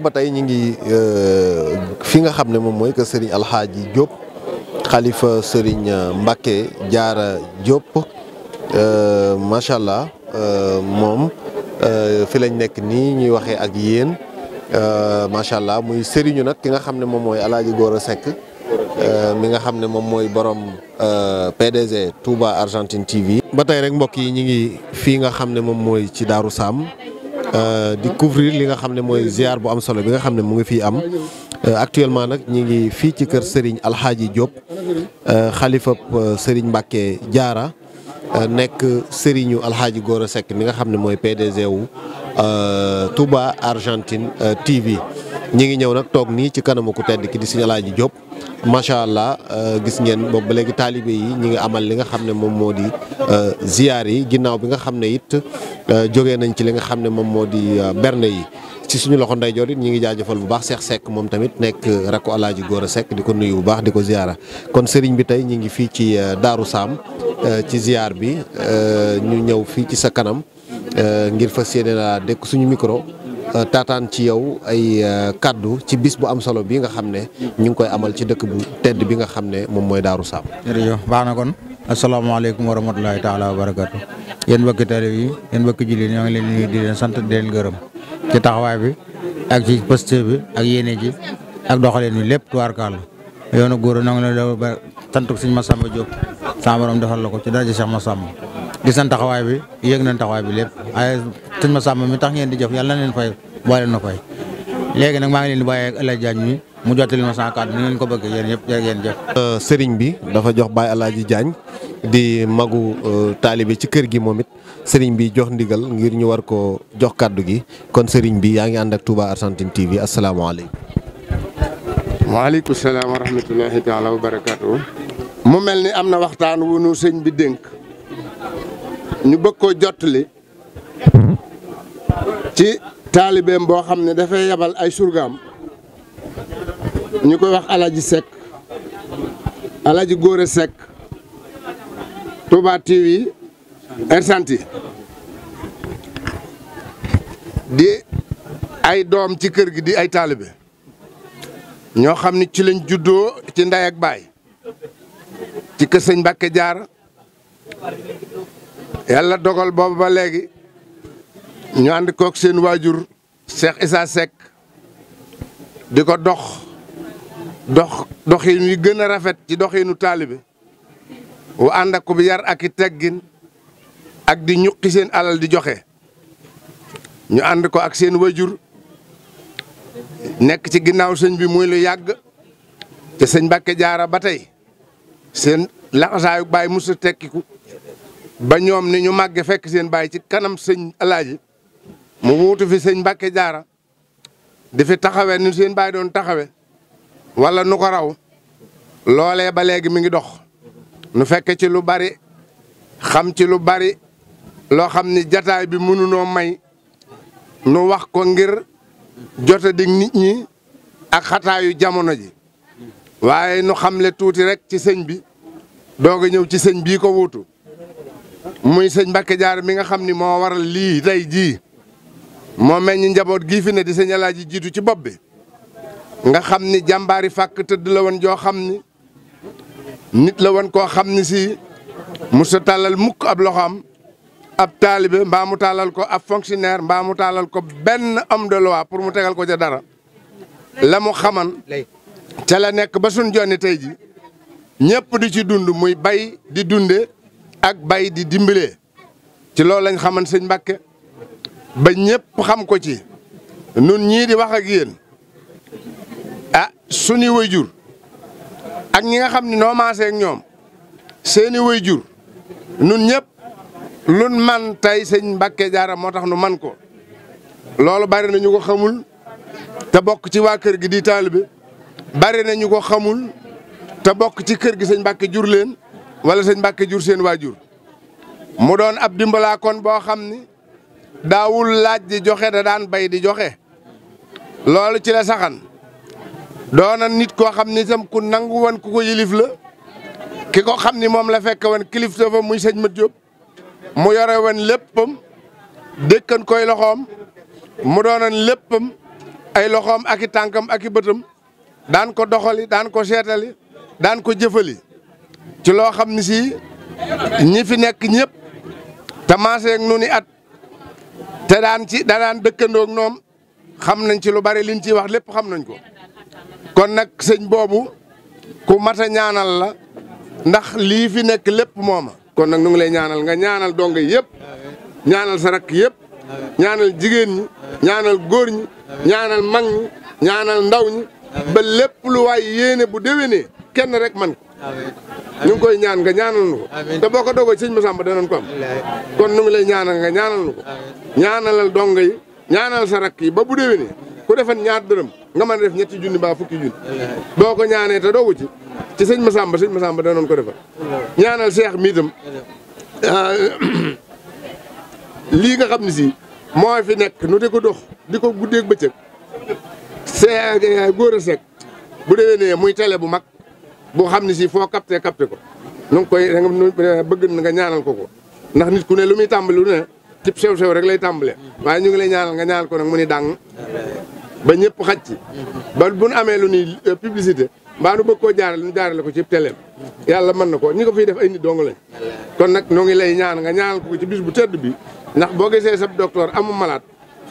ba tey ñu ngi euh, fi nga xam ne moom mooy que Serigne Alxaaji Diop xalifa Serigne euh, Mbacke Diarra Diop euh, macha allah moom fi lañ nekk nii ñuy waxee ak yéen macha allah muy Serigne nag ki nga xam ne moom mooy El Hadj Gora Seck mi nga xam ne moom mooy borom PDG Touba Argentine TV. ba tey rek mbokk yi ñu ngi fii nga xam ne moom mooy ci Daaru Saam. Euh, di couvrir li nga xam ne mooy ziar bu am solo bi nga xam ne mu ngi fii am euh, actuellement nag ñi ngi fii ci kër Serigne Alxaaji Diop euh, xalifa Serigne Mbacke jaara nekk Serigne Alxaaji a Seck mi nga xam ne mooy PDG wu Touba Argentine TV. ñi ngi ñëw nag toog nii ci kanamu ku tedd ki di Serigne Alaaji Diop macha allah euh, gis ngeen boobu ba léegi taalibe yi ñi ngi amal li nga xam ne moom moo di euh, ziyaar yi ginnaaw bi nga xam ne it euh, jógee nañ ci li nga xam ne moom moo di berne yi. ci suñu loxo ndeyjoor it ñi ngi jaajëfal bu baax seex sekk moom tamit nekk rakku Alaaji a sekk di ko nuyu bu baax di ko ziyaara kon sëriñ bi tey ñi ngi fii ci Daaru Saam ci ziyaar bi ñu ñëw fii ci sa kanam ngir fas yéene laa suñu micro. Euh, taataan ci yow ay euh, kàddu ci bis bu am solo bi nga xam ne ñu ngi koy amal ci dëkk bu tedd bi nga xam ne moom mooy Daaru Saam. jërëjëf baax na kon asalaamaaleykum wa rahmatulahi taala wa barakaatu yéen bëkk taalib yi yéen mbokki jullit ñoo ngi leen nuyu di leen sant di leen gërëm ci taxawaay bi ak ci posté bi ak yéene ji ak doxalin bi lépp tubaarkaal yoonu góor a ngi leen di sant suñu Massamba Diop sama borom defal la ko ci daraja ma sàmm gis nañ taxawaay bi yéeg nañ taxawaay bi lépp waaye sëñ Massamba mi tax ngeen di jëf yàlla na leen fay boole na fay léegi nag maa ngi leen mi mu jottali ma sama kàddu ni ngeen ko bëgg yéen yëpp jërë ngeen jëf. Euh, sëriñ bi dafa jox Baye El Hadj di magu euh, taalibe ci kër gi moom it sëriñ bi jox ndigal ngir ñu war ko jox kàddu gi kon sëriñ bi yaa ngi ànd ak Touba Argentine TV asalaamaaleykum. waaleykum salaam wa rahmatulahi taala wa barakaatu. mu mel ni am na waxtaan wu nu sëñ bi dénk. ñu bëgg koo jottali ci taalibeem boo xam ne dafay yabal ay surgaam ñu koy wax alaji Seck alaji Góore Seck Touba TV Arsanti di ay doom ci kër gi di ay taalibe ñoo xam ni ci lañ juddoo ci nday ak baay ci kër sëñ Mbàkke jaar yàlla dogal boobu ba léegi ñu ànd kook seen waajur Cheikh Issa Seck di ko dox dox doxin yi gën a rafet ci doxinu taalibe wa ànd ak ko bi yar ak i teggin ak di ñuqi seen alal di joxe ñu ànd ko ak seen waajur nekk ci ginnaaw sëñ bi muy lu yàgg te sëñ Mbàkke jaara ba tey seen laxasaayu baay musa tekkiku ba ñoom ni ñu màgge fekk seen baay ci kanam sëñ alaaji mu wuutu fi sëñ Mbàkke Jaara di fi taxawe ni seen baay doon taxawe walla nu ko raw loole ba léegi mi ngi dox nu fekk ci lu bari xam ci lu bari loo xam ni jataay bi mënunoo may nu wax ko ngir jota dig nit ñi ak xataayu jamono ji waaye nu le tuuti rek ci sëñ bi doog a ñëw ci sëñ bi ko wuutu muy sëñ Mbacke Diarra mi nga xam ni moo waral lii tey jii moo meññ njaboot gii fi di sëñ Alaaji jiitu ci bopp bi nga xam ni jàmbaari fàkk tëdd la woon joo xam ni nit la woon koo xam ni si mu sa tàllal mukk ab loxoom ab taalibe mbaa mu tàllal ko ab fonctionnaire mbaa mu tàllal ko benn homme de loi pour mu tegal ko ca dara la mu xaman ca la nekk ba suñ jonni tey ji ñëpp di ci dund muy bay di dunde ak bay di dimbalee ci loolu lañ xaman sëñ Mbàkke ba ñépp xam ko ci nun ñii di wax ak yéen ah suñu jur ak ñi nga xam ni noo maasee ñoom seeni jur nun ñëpp lun man tey sëñ mbakke Jaara moo tax nu man ko loolu bari na ñu ko xamul te bokk ci waa kër gi di taalibe bari na ñu ko xamul te bokk ci kër gi sëñ Mbàkke jur leen wala sëñ Mbàkke jur seen waajur mu doon ab dimbalaa kon boo xam ni daawul laaj di joxe da daan bay di joxe loolu ci la saxan doona nit koo xam ni tam ku nangu woon ku ko yilif la ki ko xam ni moom la fekk woon kilif dafa muy sëñ Mat Jóob mu yore woon léppam dëkkan koy loxoom mu doon doonoon léppam ay loxoom aki tànkam aki bëtam daan ko doxali daan ko seetali daan ko jëfali ci loo xam ni si ñi fi nekk ñëpp te maasee ni at te daan ci daan dëkkandoo noom xam nañ ci lu bari liñ ci wax lépp xam nañ ko kon nag sëñ boobu ku mat ñaanal la ndax lii fi nekk lépp mooma kon nag nu ngi lay ñaanal nga ñaanal dong yëpp ñaanal sa rakk yëpp ñaanal jigéen ñi ñaanal góor ñi ñaanal mag ñi ñaanal ndaw ñi ba lépp lu waay yéene bu déwénee kenn rek man ñu ngi koy ñaan nga ñaanal nu ko te boo ko doogoo sëñ Masamba danañ ko am kon nu ngi lay ñaanal nga ñaanal nu ko ñaanalal dong yi ñaanal sa ba bu déwénee ku defan ñaar dërëm nga ma a def ñetti junni baa fukki junni boo ko ñaanee te doogu ci ci sëñ Masamba sëñ Masamba danoon ko defal ñaanal seex mi itam ah, lii nga xam ne si moo fi nekk nu de ko dox di ko guddeeg bëccëg see eh, góor a sekk bu déwénee muy télé bu mag boo xam ne si foo capté capté ko nu ngi koy eh, bëgg na nga ñaanal ko ko ndax nit ku ne lu muy tàmbali lu ne cib sew-sew rek lay tàmbalee waaye ñu ngi lay ñaanal nga ñaanal ko nag mu ni dàng ba ñëpp xaj ci ba bu nu amee lu ni eh, publicité mbaa nu bëgg koo jaarale nu jaarale ko ci teleem yàlla mën na ko ñi ko fiy def ay ni dong lañ kon nag ñoo ngi lay ñaan nga ñaanal ko ci bis bu tëdd bi ndax boo gisee sab docteur amu malaat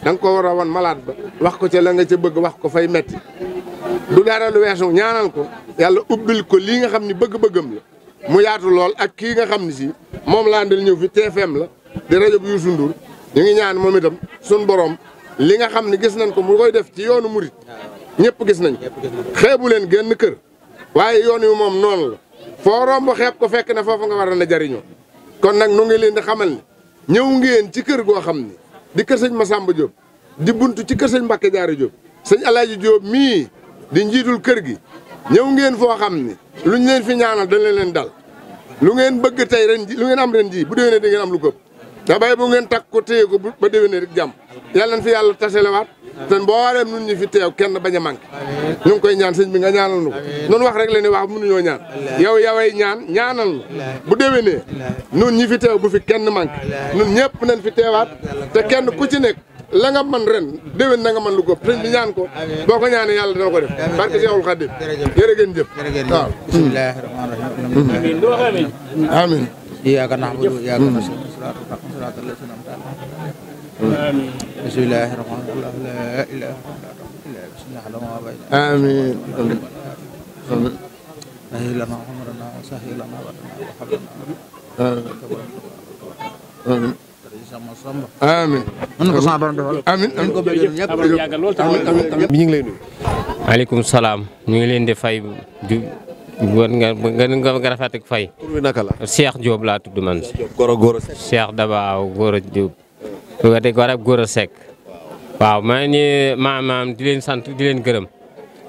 da ko war a wan malaat ba wax ko ca la nga ca bëgg wax ko fay metti du dara lu weesu ko yàlla ubbil ko lii nga xam ni bëgg-bëggam la mu yaatu lool ak kii nga xam ni si moom laa andal ñëw fi TFM la di rajo bu Youssou ñu ngi ñaan moom itam suñ borom li nga xam ni gis nañ ko mu koy def ci yoonu murit ñëpp gis nañ xeebu leen génn kër waaye yoon yi moom noonu la foo romb xeeb ko fekk na foofu nga war a jariñoo kon nag nu ngi leen di xamal ni ñëw ngeen ci kër goo xam ni di kër sëñ sàmba Diop di bunt ci kër sëñ Mbacke Diarra Diop sëñ Alaaji mii di njiitul kër gi ñëw ngeen foo xam ni luñ leen fi ñaanal dana leen dal lu ngeen bëgg tey ren ji lu ngeen am ren jii bu déwénee di ngeen am lu këpp da bay bu ngeen takk ko téye ko ba déwénee rek jàmm yàlla na fi yàlla taselewaat te mbooleem nun ñu fi teew kenn bañ a manqué ñu ngi koy ñaan sëñ bi nga ñaanal nu ko noonu wax rek la ni wax mënuñoo ñaan yow yaway ñaan ñaanal nu bu déwénee nun ñi fi teew bu fi kenn manqué nun ñëpp nañ fi teewaat te kenn ku ci nekk la nga man ren déwén na man lu ko sëñ ñaan ko boo ñaan ñaanee yàlla dana ko def barke Seexul Xaadim jërë ngeen jëf waaw bismillaahi rahmaani rahiim amiin iyyaka na'budu wa iyyaka nasta'iin siraatal laziina an'amta alayhim bismillaahi amiin amiin amiin. bi ñu ngi lay nuyu. salaam mu ngi leen di fay di war nga nga nga rafet ak fay. tur bi naka la. Cheikh laa tudd man. Gora Gora Seck. Cheikh Dabaaw Gora Diop. Gora Gora Gora Seck. waaw maa ngi maam maam di leen sant di leen gërëm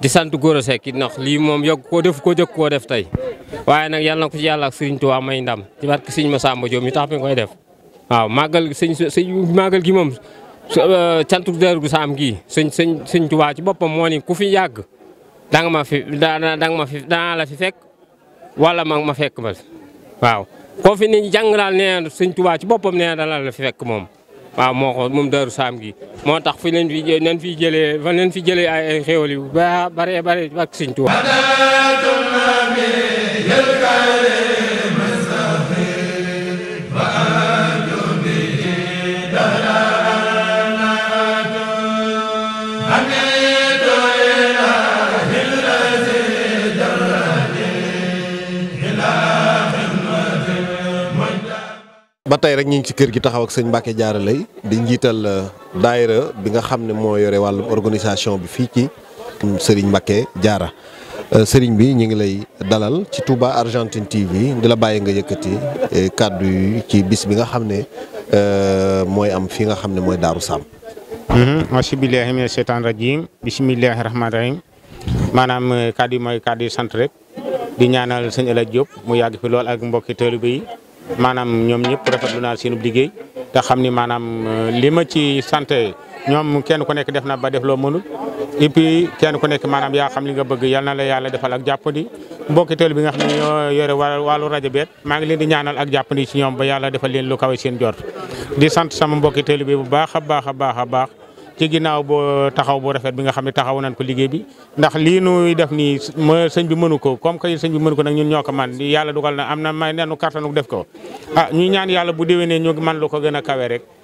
di sant góor Seck it ndax lii moom yokk koo def koo jëkk def tey waaye nag yàlla na ko ci yàlla ak Sëriñ Tuubaa may ndam ci barke Sëriñ Masamba Diop mi tax mi koy def. waaw màggal sëñ sëñ màggal gi moom santu euh, dër gu saam gii sëñ sëñ sëñ ci boppam moo ni ku fi yàgg danga ma fi danga ma fi dana la fi fekk wala ma ma fekk ma waaw koo fi ni jàng daal nee na sëñ Tuubaa ci boppam nee na dana la fi fekk moom waaw moo ko moom dëru saam gi moo tax fi leen fi nen fi jëlee fa leen fi jëlee ay xéewal yu ba bare bare ak sëñ ba tey rek ñu ngi ci kër gi taxaw ak sëñ Mbacke jaara Leye di njiital euh, daayira bi nga xam ne moo yore wàllum organisation bi fii ci Serigne Mbacke Diarra euh, Serigne bi ñu ngi lay dalal ci Touba Argentine TV di la bàyyi nga yëkkati euh, kàddu ci bis bi nga xam ne mooy am fii nga xam ne mooy Daaru Saam. Mhm, auzu billaahi mina sheytaani rajiim bismillaahi rahmaani rahiim maanaam kàddu yi mooy kàddu yi sant rek di ñaanal sëñ El Hadj Diop mu yàgg fi lool ak mbokki taalibe yi. maanaam ñoom ñëpp rafetlu naa seenub liggéey te xam ni maanaam euh, li ma ci santé ñoom kenn ku nekk def na ba def loo mënul et puis kenn ku nekk maanaam yaa xam li nga bëgg yal na la yàlla defal ak jàppandi mbokki teel bi nga xam ne ñoo yore wàllu rajo beet maa ngi leen di ñaanal ak jàpp jàppandi ci ñoom ba yàlla defal leen lu kawe seen jort di sant sama mbokki teel bi baax a baax a baax ci ginnaaw ba taxaw bu rafet bi nga xam ne taxaw nañ ko liggéey bi ndax li nuy def nii ma sëñ bi mënu ko comme que sëñ bi mënu ko nag ñun ñoo ko man yàlla dugal na am na may nenu kattanu def ko a ah, ñuy ñaan yàlla bu déwénee ñu man lu ko gën a kawe rek